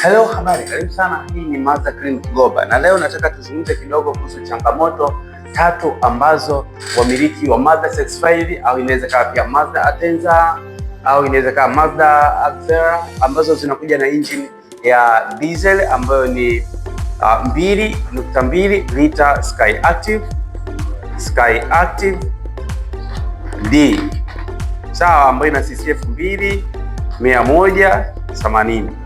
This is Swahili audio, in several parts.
Hello, habari, karibu sana. Hii ni Mazda Clinic Goba, na leo nataka tuzungumze kidogo kuhusu changamoto tatu ambazo wamiliki wa Mazda CX-5 au inaweza kawa pia Mazda Atenza au inaweza kawa Mazda Axera ambazo zinakuja na engine ya diesel ambayo ni 2.2 uh, ah, lita Sky Active D sawa, ambayo ina CCF 2180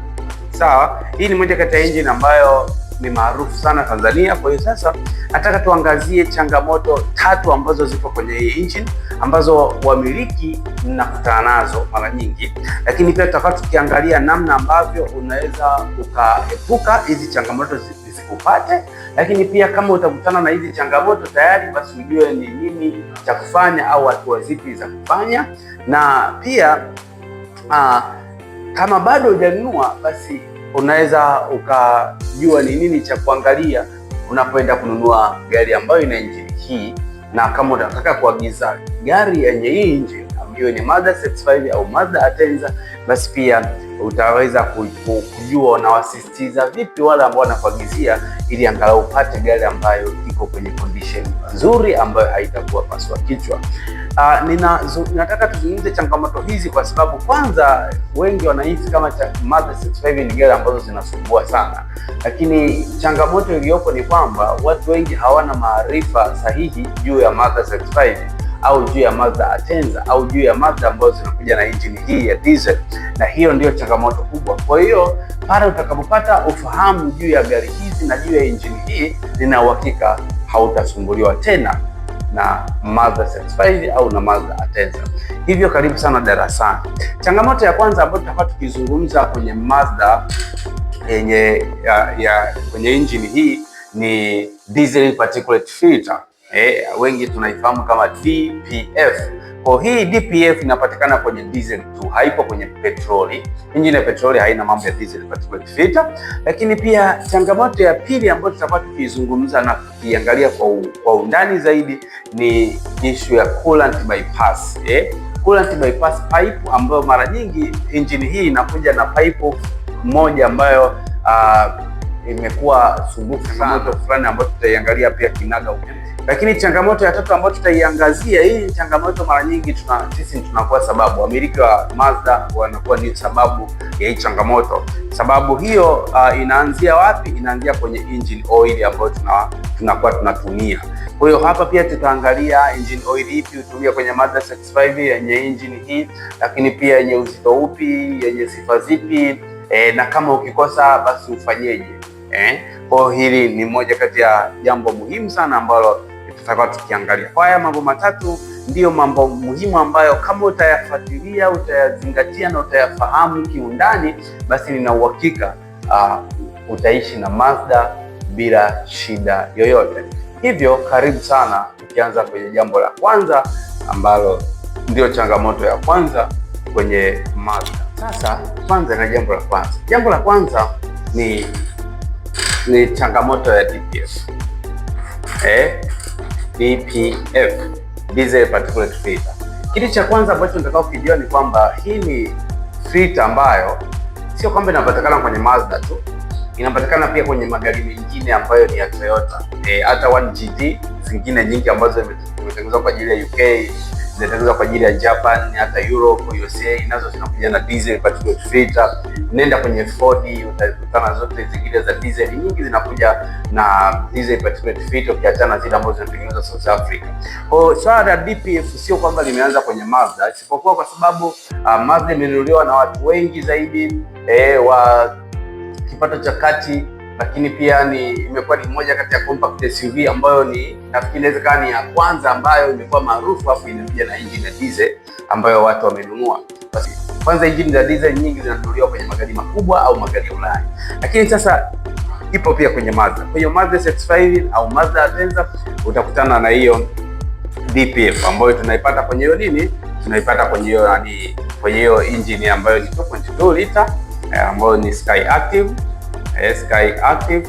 Sawa, hii ni moja kati ya engine ambayo ni maarufu sana Tanzania. Kwa hiyo sasa nataka tuangazie changamoto tatu ambazo zipo kwenye hii engine ambazo wamiliki mnakutana nazo mara nyingi, lakini pia tutakuwa tukiangalia namna ambavyo unaweza ukaepuka hizi changamoto zisikupate, lakini pia kama utakutana na hizi changamoto tayari, basi ujue ni nini cha kufanya au hatua zipi za kufanya na pia uh, kama bado hujanunua, basi unaweza ukajua ni nini cha kuangalia unapoenda kununua gari ambayo ina injini hii, na kama unataka kuagiza gari yenye hii injini iwe ni Mazda CX-5 au Mazda Atenza, basi pia utaweza kujua unawasisitiza vipi wale ambao wanakuagizia, ili angalau upate gari ambayo iko kwenye condition nzuri ambayo haitakuwa paswa kichwa. Uh, nina, nataka tuzungumze changamoto hizi kwa sababu kwanza wengi wanahisi kama Mazda CX-5 ni gari ambazo zinasumbua sana, lakini changamoto iliyopo ni kwamba watu wengi hawana maarifa sahihi juu ya Mazda CX-5 au juu ya Mazda Atenza au juu ya Mazda ambazo zinakuja na injini hii ya diesel, na hiyo ndio changamoto kubwa. Kwa hiyo pale utakapopata ufahamu juu ya gari hizi na juu ya injini hii, nina uhakika hautasumbuliwa tena na Mazda Satisfy au na Mazda Atenza. Hivyo karibu sana darasani. Changamoto ya kwanza ambayo tutakuwa tukizungumza kwenye Mazda yenye ya, ya, kwenye injini hii ni diesel particulate filter eh, wengi tunaifahamu kama DPF. Kwa hii DPF inapatikana kwenye diesel tu, haipo kwenye petroli. Injini ya petroli haina mambo ya diesel particulate filter. Lakini pia changamoto ya pili ambayo tutakuwa tukizungumza na kuiangalia kwa, kwa undani zaidi ni issue ya coolant bypass eh, coolant bypass pipe ambayo mara nyingi injini hii inakuja na pipe moja ambayo uh, imekuwa sumbufu, moto fulani ambayo tutaiangalia pia kinaga umeme lakini changamoto ya tatu ambayo tutaiangazia, hii changamoto mara nyingi tuna, sisi tunakuwa sababu, wamiliki wa Mazda wanakuwa ni sababu ya hii changamoto. Sababu hiyo uh, inaanzia wapi? Inaanzia kwenye engine oil ambayo tunakuwa tunatumia. Kwa hiyo hapa pia tutaangalia engine oil ipi hutumia kwenye Mazda CX-5 yenye engine hii, lakini pia yenye uzito upi, yenye sifa zipi, eh, na kama ukikosa basi ufanyeje? Eh, kwa hiyo hili ni moja kati ya jambo muhimu sana ambalo tutakuwa tukiangalia. Kwa haya mambo matatu ndiyo mambo muhimu ambayo kama utayafuatilia, utayazingatia na utayafahamu kiundani, basi nina uhakika uh, utaishi na Mazda bila shida yoyote. Hivyo karibu sana, tukianza kwenye jambo la kwanza ambalo ndiyo changamoto ya kwanza kwenye Mazda. Sasa kwanza na jambo la kwanza, jambo la kwanza ni ni changamoto ya DPF. Eh, DPF, diesel particulate filter. Kitu cha kwanza ambacho nataka kujua ni kwamba hii ni filter ambayo sio kwamba inapatikana kwenye Mazda tu, inapatikana pia kwenye magari mengine ambayo ni ya Toyota, eh, hata e, 1GD zingine nyingi ambazo zimetengenezwa kwa ajili ya UK zinatengenezwa kwa ajili ya Japan, hata Europe, USA nazo zinakuja na diesel particulate filter. Nenda kwenye Ford utakutana zote zingine za diesel, nyingi zinakuja na diesel particulate filter, ukiachana zile ambazo zinatengenezwa South Africa. Kwa hiyo swala la DPF sio kwamba limeanza kwenye Mazda, isipokuwa kwa sababu uh, Mazda imenunuliwa na watu wengi zaidi eh, wa kipato cha kati lakini pia ni imekuwa ni moja kati ya compact SUV ambayo ni nafikiri inaweza kuwa ni ya kwanza ambayo imekuwa maarufu, afu inakuja na injini ya diesel ambayo watu wamenunua. Basi kwanza injini za diesel nyingi zinatolewa kwenye magari makubwa au magari ya Ulaya, lakini sasa ipo pia kwenye Mazda. kwenye Mazda CX-5 au Mazda Atenza utakutana na hiyo DPF ambayo tunaipata kwenye hiyo nini, tunaipata kwenye hiyo hadi kwenye hiyo injini ambayo ni 2.2 liter eh, ambayo ni Skyactiv eh, Sky Active,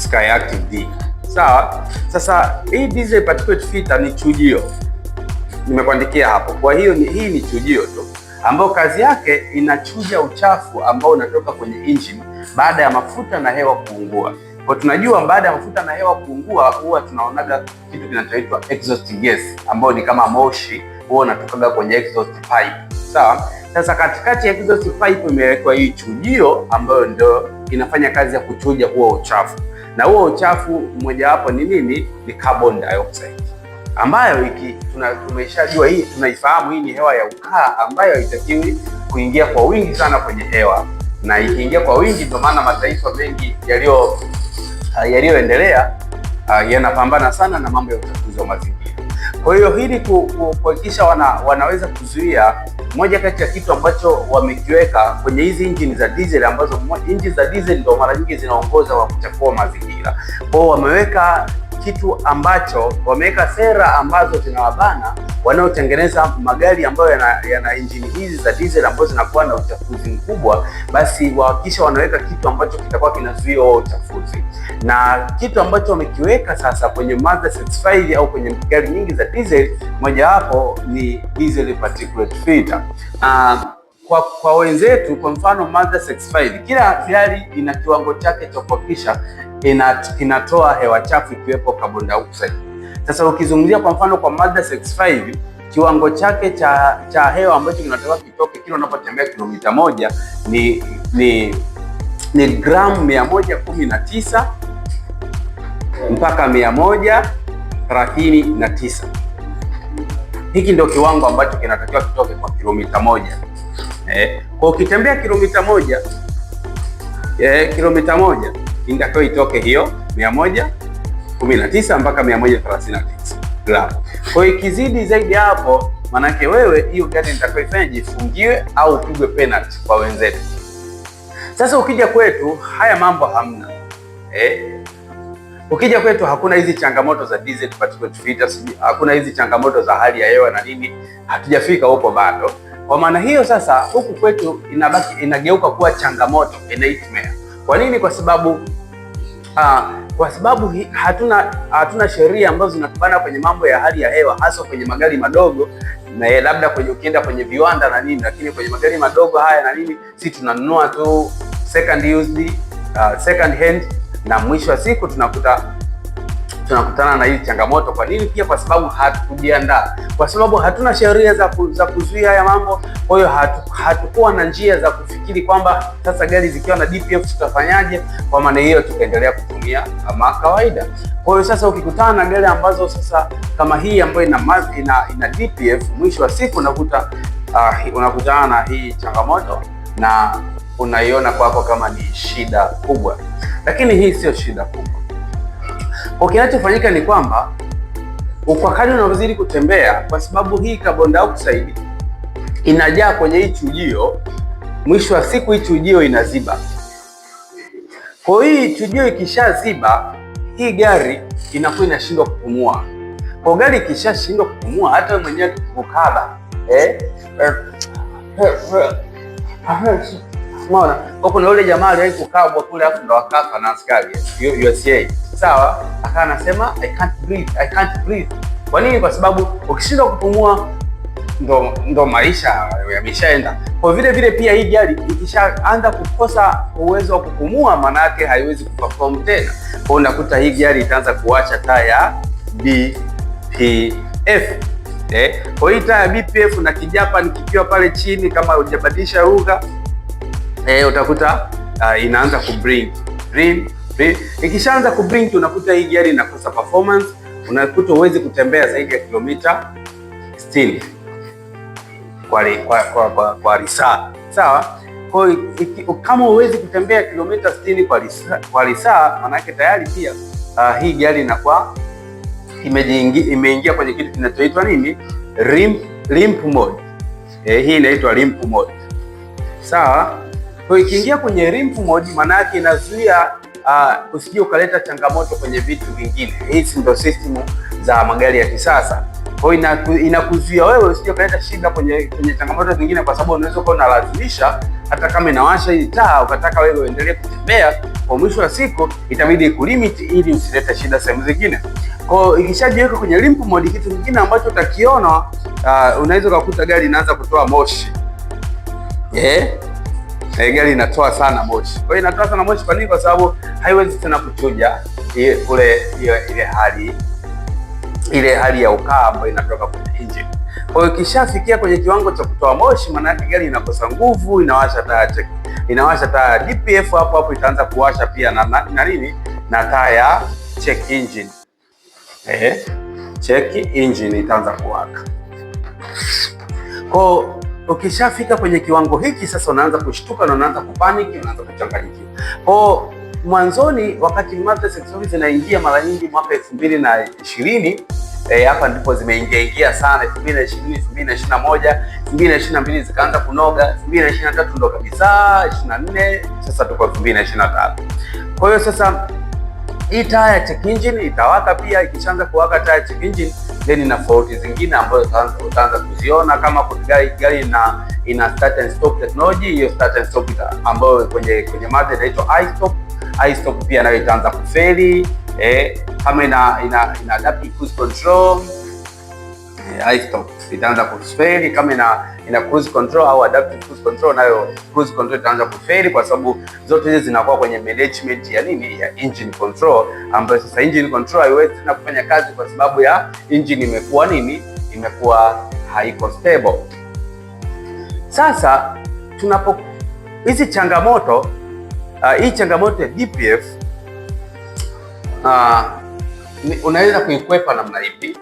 Sky Active D. Sawa. Sasa hii diesel particulate filter ni chujio, nimekuandikia hapo. Kwa hiyo ni, hii ni chujio tu ambayo kazi yake inachuja uchafu ambao unatoka kwenye engine baada ya mafuta na hewa kuungua. Kwa tunajua baada ya mafuta na hewa kuungua huwa tunaonaga kitu kinachoitwa exhaust gas, ambayo ni kama moshi huwa unatokaga kwenye exhaust pipe sawa. Sasa katikati ya sifa ipo imewekwa hii chujio ambayo ndio inafanya kazi ya kuchuja huo uchafu, na huo uchafu mojawapo ni nini? Ni carbon dioxide ambayo iki tumeshajua hii tunaifahamu, hii ni hewa ya ukaa ambayo haitakiwi kuingia kwa wingi sana kwenye hewa, na ikiingia kwa wingi, ndio maana mataifa mengi yaliyoendelea ah, yanapambana sana na mambo ya uchafuzi wa mazingira. Kwa hiyo hili kuhakikisha wana, wanaweza kuzuia, moja kati ya kitu ambacho wamekiweka kwenye hizi injini za diesel, ambazo injini za diesel ndio mara nyingi zinaongoza kwa kuchafua mazingira. Kwao wameweka kitu ambacho wameweka sera ambazo zinawabana wanaotengeneza magari ambayo yana, yana injini hizi za diesel ambazo zinakuwa na uchafuzi mkubwa, basi wahakikisha wanaweka kitu ambacho kitakuwa kinazuia wao uchafuzi na kitu ambacho wamekiweka sasa kwenye Mazda CX-5 au kwenye gari nyingi za diesel, mojawapo ni diesel particulate filter. Uh, ah, kwa, kwa wenzetu kwa mfano Mazda CX-5, kila gari ina kiwango chake cha kuhakikisha inatoa hewa chafu ikiwepo carbon dioxide. Sasa ukizungumzia kwa mfano kwa Mazda CX-5 kiwango chake cha, cha hewa ambacho kinatoka kitoke kila unapotembea kilomita moja ni, ni, ni gramu 119 mpaka 139. Hiki ndio kiwango ambacho kinatakiwa kitoke kwa kilomita moja. Eh, kwa ukitembea kilomita moja eh, kilomita moja inatakiwa itoke hiyo 119 mpaka 139 gramu. Kwa ikizidi zaidi hapo, manake wewe hiyo gari nitakiwa ifanye jifungiwe au upigwe penalty kwa wenzetu. Sasa ukija kwetu haya mambo hamna eh. Ukija kwetu hakuna hizi changamoto za diesel particulate filter, hakuna hizi changamoto za hali ya hewa na nini, hatujafika huko bado. Kwa maana hiyo sasa, huku kwetu inabaki inageuka kuwa changamoto, a nightmare. Kwa nini? Kwa sababu uh, kwa sababu hatuna hatuna sheria ambazo zinatubana kwenye mambo ya hali ya hewa, hasa kwenye magari madogo na labda kwenye ukienda kwenye viwanda na nini, lakini kwenye magari madogo haya na nini, si tunanunua tu second used, uh, second hand na mwisho wa siku tunakuta tunakutana na hii changamoto. Kwa nini? Pia kwa sababu hatukujiandaa, kwa sababu hatuna sheria za, ku, za kuzuia haya mambo. Kwa hiyo hatu, hatukuwa na njia za kufikiri kwamba sasa gari zikiwa na DPF tutafanyaje? Kwa maana hiyo tukaendelea kutumia kama kawaida. Kwa hiyo sasa ukikutana na gari ambazo sasa kama hii ambayo ina, ina, ina DPF, mwisho wa siku unakuta uh, unakutana na hii changamoto na unaiona kwako kama ni shida kubwa, lakini hii sio shida kubwa. Kwa kinachofanyika ni kwamba ukwakani kadri unavyozidi kutembea, kwa sababu hii carbon dioxide inajaa kwenye hii chujio, mwisho wa siku hii chujio inaziba. Kwa hii chujio ikishaziba, hii gari inakuwa inashindwa kupumua. Kwa gari ikishashindwa kupumua, hata mwenyewe kukala eh, eh, eh, eh umeona, kwa kuna yule jamaa aliwahi kukabwa kule, afu ndo akafa na askari USA, sawa. Akawa anasema I can't breathe, I can't breathe. Kwa nini? Kwa sababu ukishindwa kupumua ndo, ndo maisha yameshaenda. Kwa vile vile pia hii gari ikishaanza kukosa uwezo wa kupumua, maana yake haiwezi kuperform tena. Kwa unakuta hii gari itaanza kuacha taa ya BPF. Eh, kwa hii taa ya BPF na kijapani kikiwa pale chini, kama hujabadilisha lugha eh, utakuta uh, inaanza ku bring blink. Ikishaanza bring, unakuta hii gari inakosa performance, unakuta huwezi kutembea zaidi ya kilomita 60 kwa kwa kwa, kwa, kwa risaa sawa. Kwa hiyo kama huwezi kutembea kilomita 60 kwa risaa kwa risaa, manake tayari pia uh, hii gari inakuwa imeingia ime kwenye kitu kinachoitwa nini, rim, rim mode. Eh, hii inaitwa rim mode sawa. Kwa hiyo ikiingia kwenye limp mode, maana yake inazuia uh, usije ukaleta changamoto kwenye vitu vingine. Hizi ndio system za magari ya kisasa. Kwa hiyo inakuzuia wewe usije ukaleta shida kwenye, kwenye changamoto zingine, kwa sababu unaweza ukawa unalazimisha hata kama inawasha hii taa ukataka wewe uendelee kutembea, kwa mwisho wa siku itabidi ikulimit ili usilete shida sehemu zingine. Kwa hiyo ikishajiweka kwenye limp mode, kitu kingine ambacho utakiona uh, unaweza ukakuta gari inaanza kutoa moshi yeah na eh, gari inatoa sana moshi. Kwa hiyo inatoa sana moshi kwa nini? Kwa sababu haiwezi tena kuchuja ule ile hali ile hali ya ukaa ambayo inatoka kwenye engine. Kwa hiyo ikishafikia kwenye kiwango cha kutoa moshi, maana yake gari inakosa nguvu, inawasha taa inawasha taa DPF, hapo hapo itaanza kuwasha pia na, na, na nini na taa ya check engine. Eh, check engine itaanza kuwaka. Kwa Ukishafika kwenye kiwango hiki sasa, unaanza kushtuka na unaanza kupaniki, unaanza kuchanganyikiwa. Kwa mwanzoni, wakati mada sex zinaingia mara nyingi mwaka elfu mbili na ishirini e, hapa e, ndipo zimeingia ingia sana 2020, 2021, 2022 zikaanza kunoga, 2023 ndo kabisa, 24 sasa tuko 2025. Kwa hiyo sasa hii taa ya check engine itawaka pia. Ikishaanza kuwaka taa ya check engine, then ina faulti zingine ambazo utaanza kuziona kama gari gari ina ina start and stop technology. Hiyo start and stop ambayo kwenye kwenye mada inaitwa i stop. i stop pia nayo itaanza kufeli eh, kama ina ina, ina adaptive cruise control high eh, itaanza kufeli kama ina, ina cruise control au adaptive cruise control, nayo cruise control itaanza kufeli kwa sababu zote hizi zinakuwa kwenye management ya nini ya engine control, ambayo sasa engine control haiwezi tena kufanya kazi kwa sababu ya engine imekuwa nini, imekuwa haiko stable. Sasa tunapo hizi changamoto uh, hii changamoto ya DPF uh, ah, unaweza kuikwepa namna ipi?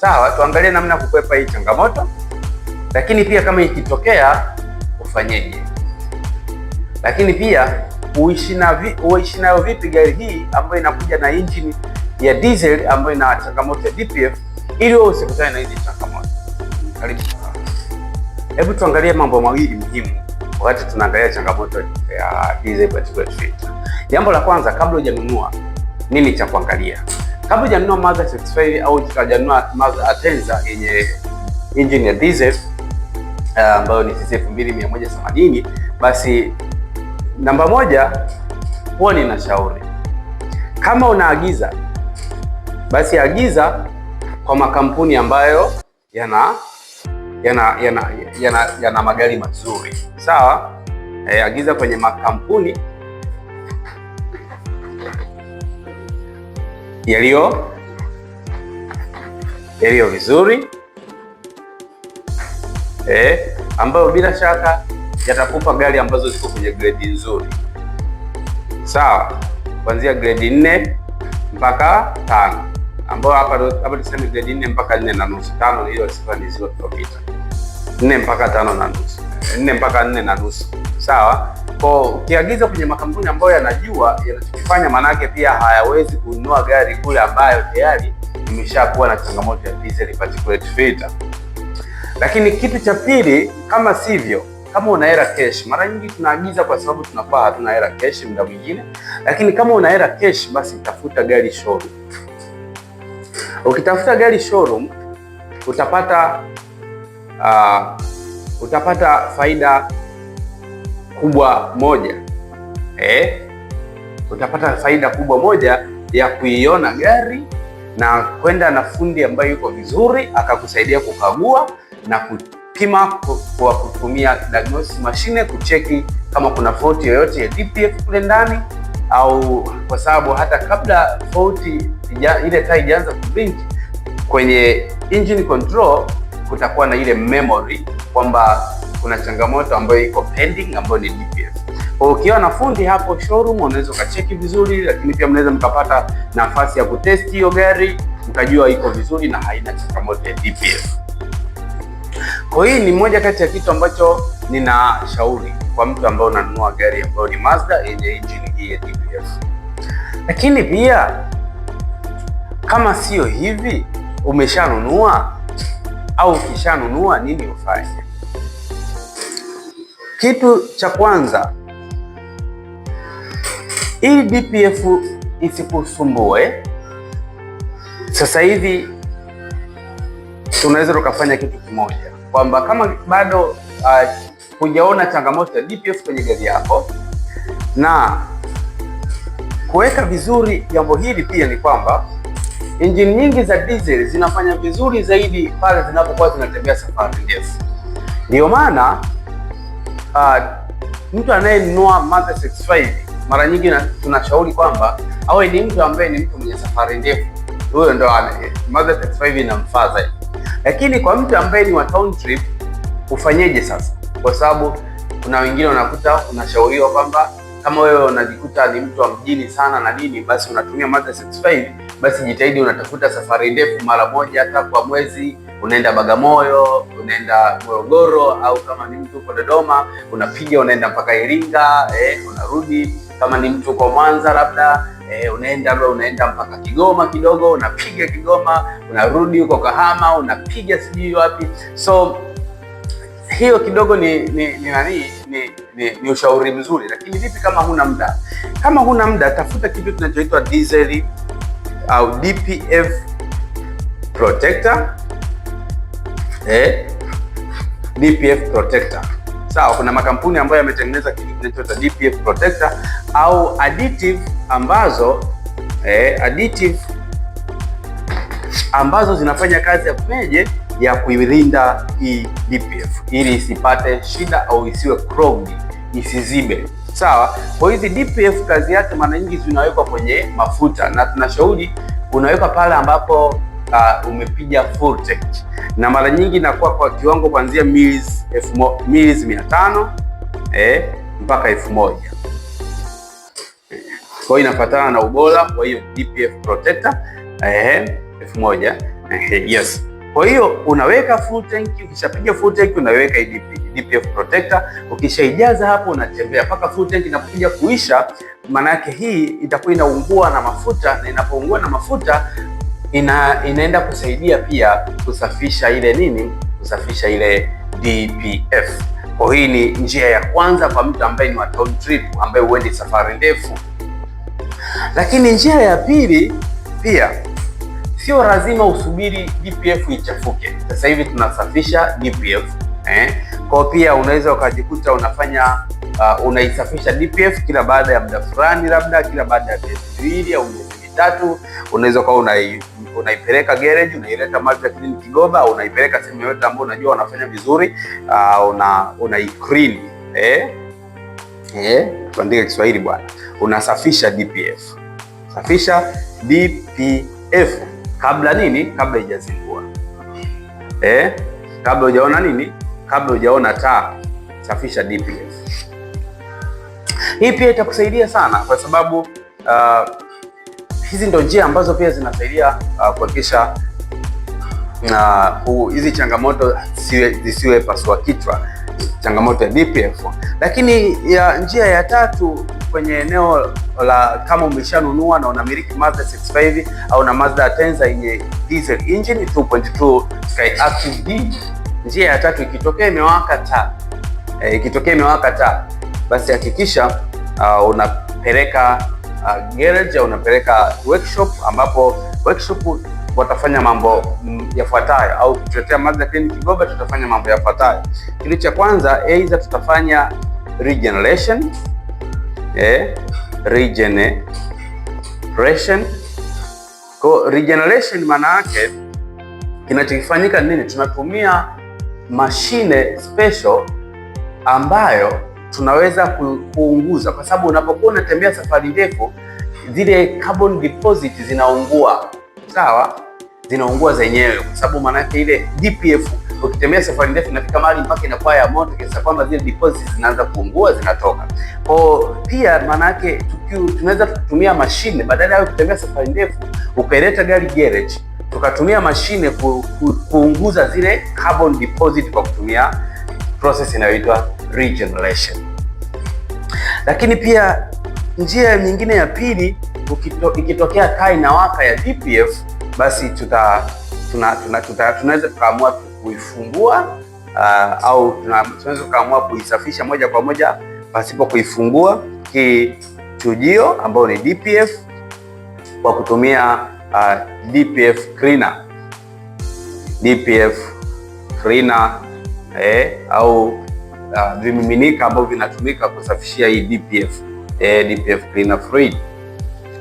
sawa, tuangalie namna ya kukwepa hii changamoto, lakini pia kama ikitokea ufanyeje, lakini pia uishi nayo vipi gari hii ambayo inakuja na injini ya diesel ambayo ina changamoto ya DPF ili wewe usikutane na hizi changamoto. Karibu. Hebu tuangalie mambo mawili muhimu wakati tunaangalia changamoto ya diesel particulate filter. Jambo la kwanza kabla hujanunua nini cha kuangalia? Kabla hujanunua Mazda CX-5 au hujanunua Mazda Atenza yenye engine ya diesel eh, ambayo ni cc 2180 basi, namba moja, huwa ninashauri kama unaagiza basi agiza kwa makampuni ambayo yana yana yana yana, yana magari mazuri sawa. E, agiza kwenye makampuni yaliyo yaliyo vizuri eh, ambayo bila shaka yatakupa gari ambazo ziko kwenye gredi nzuri, sawa, kuanzia gredi nne mpaka tano ambayo hapa tuseme gredi nne mpaka nne na nusu tano, hiyo sifa ni zilizopita nne mpaka tano na nusu nne mpaka nne na nusu sawa. Kwa ukiagiza kwenye makampuni ambayo yanajua yanachokifanya, maanake pia hayawezi kununua gari kule ambayo tayari imeshakuwa na changamoto ya diesel particulate filter. Lakini kitu cha pili, kama sivyo kama una hela cash, mara nyingi tunaagiza kwa sababu tunafaa, hatuna hela cash muda mwingine. Lakini kama una hela cash, basi tafuta gari showroom. Ukitafuta gari showroom utapata uh, utapata faida kubwa moja eh, utapata faida kubwa moja ya kuiona gari na kwenda na fundi ambaye yuko vizuri akakusaidia kukagua na kupima kwa kutumia diagnostic mashine kucheki kama kuna fault yoyote ya DPF kule ndani au kwa sababu hata kabla fault ile taa ijaanza kublink kwenye engine control kutakuwa na ile memory kwamba kuna changamoto ambayo iko pending ambayo ni DPF. Kwa ukiwa na fundi hapo showroom unaweza ukacheki vizuri, lakini pia mnaweza mkapata nafasi ya kutesti hiyo gari mkajua iko vizuri na haina changamoto ya DPF. Kwa hii ni moja kati ya kitu ambacho ninashauri kwa mtu ambaye unanunua gari ambayo ni Mazda yenye engine hii ya DPF. Lakini pia kama sio hivi, umeshanunua au ukishanunua, nini ufanye? Kitu cha kwanza, ili DPF isikusumbue, sasa hivi tunaweza tukafanya kitu kimoja kwamba kama bado uh, hujaona changamoto ya DPF kwenye gari yako na kuweka vizuri jambo hili, pia ni kwamba injini nyingi za diesel zinafanya vizuri zaidi pale zinapokuwa zinatembea safari ndefu, ndiyo maana uh, mtu anayenunua Mother 5 mara nyingi tunashauri kwamba awe ni mtu ambaye ni mtu mwenye safari ndefu, huyo ndo Mother 65 inamfaa zaidi. Lakini kwa mtu ambaye ni wa town trip ufanyeje sasa? Kwa sababu kuna wengine unakuta unashauriwa kwamba kama wewe unajikuta ni mtu wa mjini sana na nini, basi unatumia Mother 65 basi jitahidi unatafuta safari ndefu mara moja hata kwa mwezi, unaenda Bagamoyo, unaenda Morogoro, au kama ni mtu uko Dodoma unapiga unaenda mpaka Iringa eh, unarudi. Kama ni mtu uko Mwanza labda eh, unaenda unaenda mpaka Kigoma kidogo, unapiga Kigoma, unarudi uko Kahama, unapiga sijui wapi. So hiyo kidogo ni ni ni nani ni, ni, ni ushauri mzuri, lakini vipi kama huna muda? Kama huna muda, tafuta kitu kinachoitwa diesel au DPF protector eh, DPF protector sawa. Kuna makampuni ambayo yametengeneza kitu kinachoitwa DPF protector au additive ambazo eh, additive ambazo zinafanya kazi ya kufanyaje ya kuilinda hii DPF ili isipate shida au isiwe clogged, isizibe sawa. Kwa hizi DPF kazi yake mara nyingi zinawekwa kwenye mafuta, na tunashauri unaweka pale ambapo uh, umepiga full tank, na mara nyingi inakuwa kwa kiwango kuanzia milis milis eh, mpaka elfu moja eh, kwa hiyo inafuatana na ubora. Kwa hiyo DPF protector eh, elfu moja eh, yes. Kwa hiyo unaweka full tank, ukishapiga full tank unaweka DPF DPF protector. Ukishaijaza hapo unatembea mpaka full tank inapokuja kuisha, maana yake hii itakuwa inaungua na mafuta, na inapoungua na mafuta ina, inaenda kusaidia pia kusafisha ile nini, kusafisha ile DPF. Kwa hii ni njia ya kwanza kwa mtu ambaye ni wa town trip, ambaye huendi safari ndefu. Lakini njia ya pili pia sio lazima usubiri DPF ichafuke. Sasa hivi tunasafisha DPF eh. Kwa pia unaweza ukajikuta unafanya uh, unaisafisha DPF kila baada ya muda fulani, labda kila baada ya miezi miwili au miezi mitatu, unaweza kwa una, unaipeleka garage, unaileta Malta Clean Kigoba, unaipeleka sehemu yoyote ambayo unajua wanafanya vizuri uh, una clean eh eh, tuandike Kiswahili bwana, unasafisha DPF, safisha DPF kabla nini, kabla ijazingua eh, kabla hujaona nini kabla hujaona taa, safisha DPF. Hii pia itakusaidia sana kwa sababu uh, hizi ndo njia ambazo pia zinasaidia uh, kuhakikisha uh, hizi uh, changamoto zisiwe pasua kichwa, changamoto ya DPF. Lakini ya njia ya tatu kwenye eneo la kama umeshanunua na unamiliki Mazda 65 au na Mazda tenza yenye diesel engine 2.2 Skyactiv-D Njia ya tatu, ikitokea imewaka taa e, ikitokea imewaka taa, basi hakikisha uh, unapeleka uh, garage au unapeleka workshop, ambapo workshop watafanya mambo yafuatayo, au tutetea Mazda Clinic Goba tutafanya mambo yafuatayo. Kitu cha kwanza, aidha tutafanya regeneration eh, regeneration kwa regeneration, maana yake kinachofanyika nini? Tunatumia mashine special ambayo tunaweza kuunguza, kwa sababu unapokuwa unatembea safari ndefu, zile carbon deposit zinaungua. Sawa, zinaungua zenyewe, kwa sababu maanake ile DPF ukitembea safari ndefu inafika mahali mpaka inakuwa ya moto kiasi kwamba zile deposits zinaanza kuungua zinatoka. Kwa pia maana yake tunaweza kutumia mashine badala ya kutembea safari ndefu, ukaileta gari garage tukatumia mashine ku, ku, kuunguza zile carbon deposit kwa kutumia process inayoitwa regeneration. Lakini pia njia nyingine ya pili, ikitokea kaa inawaka ya DPF, basi tuta tuna, tuta, tunaweza tukaamua kuifungua uh, au tunaweza tukaamua kuisafisha moja kwa moja pasipo kuifungua kichujio ambayo ni DPF kwa kutumia uh, ah, DPF cleaner. DPF cleaner eh, au uh, vimiminika ambavyo vinatumika kusafishia hii DPF eh, DPF cleaner fluid.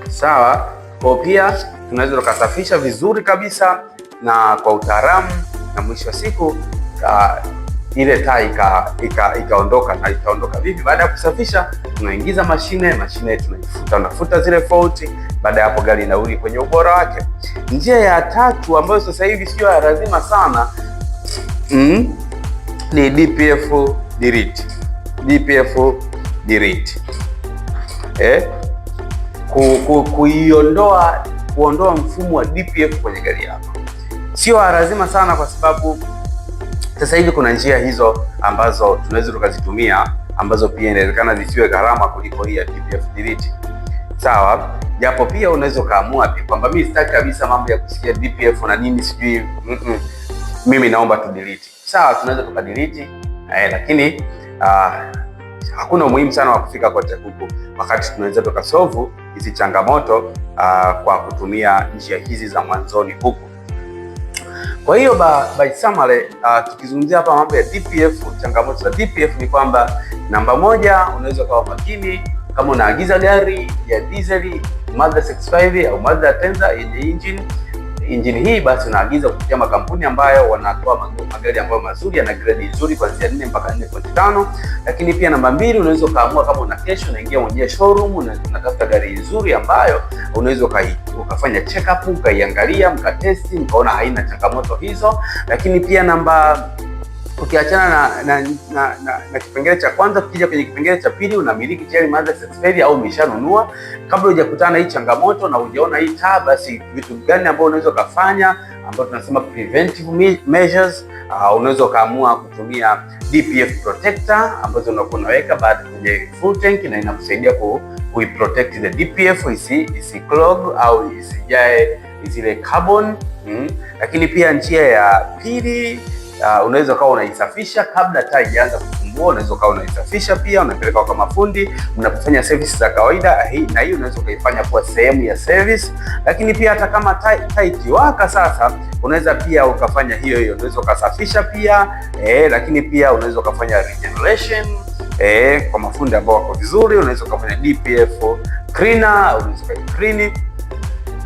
Sawa, kwa pia tunaweza tukasafisha vizuri kabisa na kwa utaalamu na mwisho wa siku uh, ile taa ikaondoka ika, ika na itaondoka vipi? Baada ya kusafisha, tunaingiza mashine, mashine tunaifuta, unafuta zile fauti. Baada ya hapo, gari inarudi kwenye ubora wake. Njia ya tatu ambayo sasa hivi sio ya lazima sana mm, ni DPF direct. DPF direct. Eh, ku, ku, kuondoa mfumo wa DPF kwenye gari yako sio lazima sana, kwa sababu sasa hivi kuna njia hizo ambazo tunaweza tukazitumia ambazo pia inawezekana zisiwe gharama kuliko hii ya PPF delete. Sawa, japo pia unaweza ukaamua pia kwamba mimi sitaki kabisa mambo ya kusikia DPF na nini sijui mm -mm. Mimi naomba tu delete. Sawa, tunaweza tukadelete eh, lakini uh, hakuna umuhimu sana wa kufika kote huku, wakati tunaweza tukasolve hizi changamoto uh, kwa kutumia njia hizi za mwanzoni huku. Kwa hiyo by summary, uh, tukizungumzia hapa mambo ya DPF, changamoto za DPF ni kwamba namba moja, unaweza ukawa makini kama unaagiza gari ya diesel Mazda 65 au Mazda Tenza yenye engine injini hii, basi unaagiza kupitia makampuni ambayo wanatoa magari ambayo mazuri yana grade nzuri kuanzia 4 mpaka 4.5. Lakini pia namba mbili, unaweza ukaamua kama una kesho, unaingia mwenyewe showroom unatafuta gari nzuri ambayo unaweza ukafanya check up, ukaiangalia, mkatesti, mkaona haina changamoto hizo. Lakini pia namba Ukiachana na, na, na, na, na kipengele cha kwanza, tukija kwenye kipengele cha pili, unamiliki tayari mali asili au umeshanunua. Kabla hujakutana hii changamoto na hujaona hii taa, basi vitu gani ambavyo unaweza ukafanya, ambayo tunasema preventive measures. Uh, unaweza ukaamua kutumia DPF protector ambazo unakuwa unaweka baada kwenye full tank, na inakusaidia ku, ku protect the DPF isi, isi clog au isijae zile carbon mm. Lakini pia njia ya pili Uh, unaweza ukawa unaisafisha kabla taa ijaanza kufungua, Unaweza ukawa unaisafisha pia, unapeleka kwa mafundi, mnakufanya service za kawaida ah, hii, na hii unaweza ukaifanya kuwa sehemu ya service. Lakini pia hata kama taa ikiwaka sasa, unaweza pia ukafanya hiyo hiyo, unaweza ukasafisha pia eh, lakini pia unaweza ukafanya regeneration eh, kwa mafundi ambao wako vizuri, unaweza ukafanya DPF cleaner, unaweza ukaiclean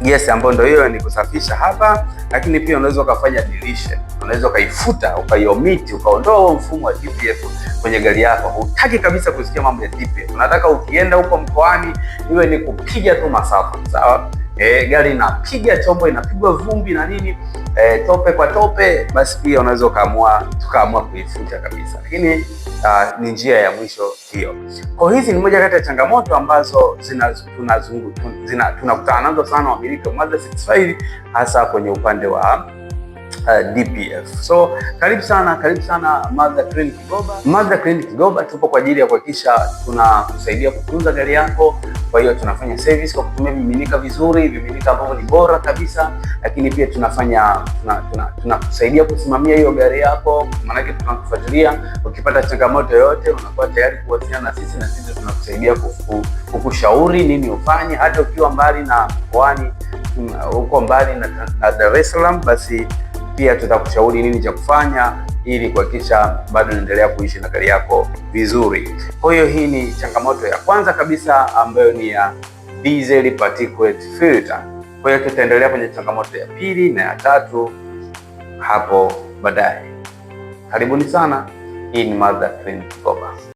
gesi ambayo ndio hiyo ni kusafisha hapa, lakini pia unaweza ukafanya deletion, unaweza ukaifuta ukaiomiti, ukaondoa huo mfumo wa DPF kwenye gari yako. Hutaki kabisa kusikia mambo ya DPF, unataka ukienda huko mkoani iwe ni kupiga tu masafa, sawa e, gari inapiga chombo inapigwa vumbi na nini e, tope kwa tope, basi pia unaweza ukaamua tukaamua kuifuta kabisa, lakini uh, ni njia ya mwisho hiyo. Kwa hizi ni moja kati ya changamoto ambazo tunakutana nazo sana wamiliki wa Mazda 6 hasa kwenye upande wa Uh, DPF. So karibu sana, karibu sana Mazda Clinic Goba. Mazda Clinic Goba tupo kwa ajili ya kuhakikisha tunakusaidia kutunza gari yako kwa hiyo tunafanya service kwa kutumia vimiminika vizuri, vimiminika ambavyo ni bora kabisa, lakini pia tunafanya tunakusaidia tuna, tuna kusimamia hiyo gari yako, maanake tunakufuatilia. Ukipata changamoto yoyote, unakuwa tayari kuwasiliana na sisi na sisi tunakusaidia kukushauri nini ufanye, hata ukiwa mbali na mkoani, mm, uko mbali na Dar es Salaam basi pia tutakushauri nini cha kufanya ili kuhakikisha bado unaendelea kuishi na gari yako vizuri. Kwa hiyo hii ni changamoto ya kwanza kabisa ambayo ni ya diesel particulate filter. Kwa hiyo tutaendelea kwenye changamoto ya pili na ya tatu hapo baadaye. Karibuni sana. Hii ni Mother Clinic Goba.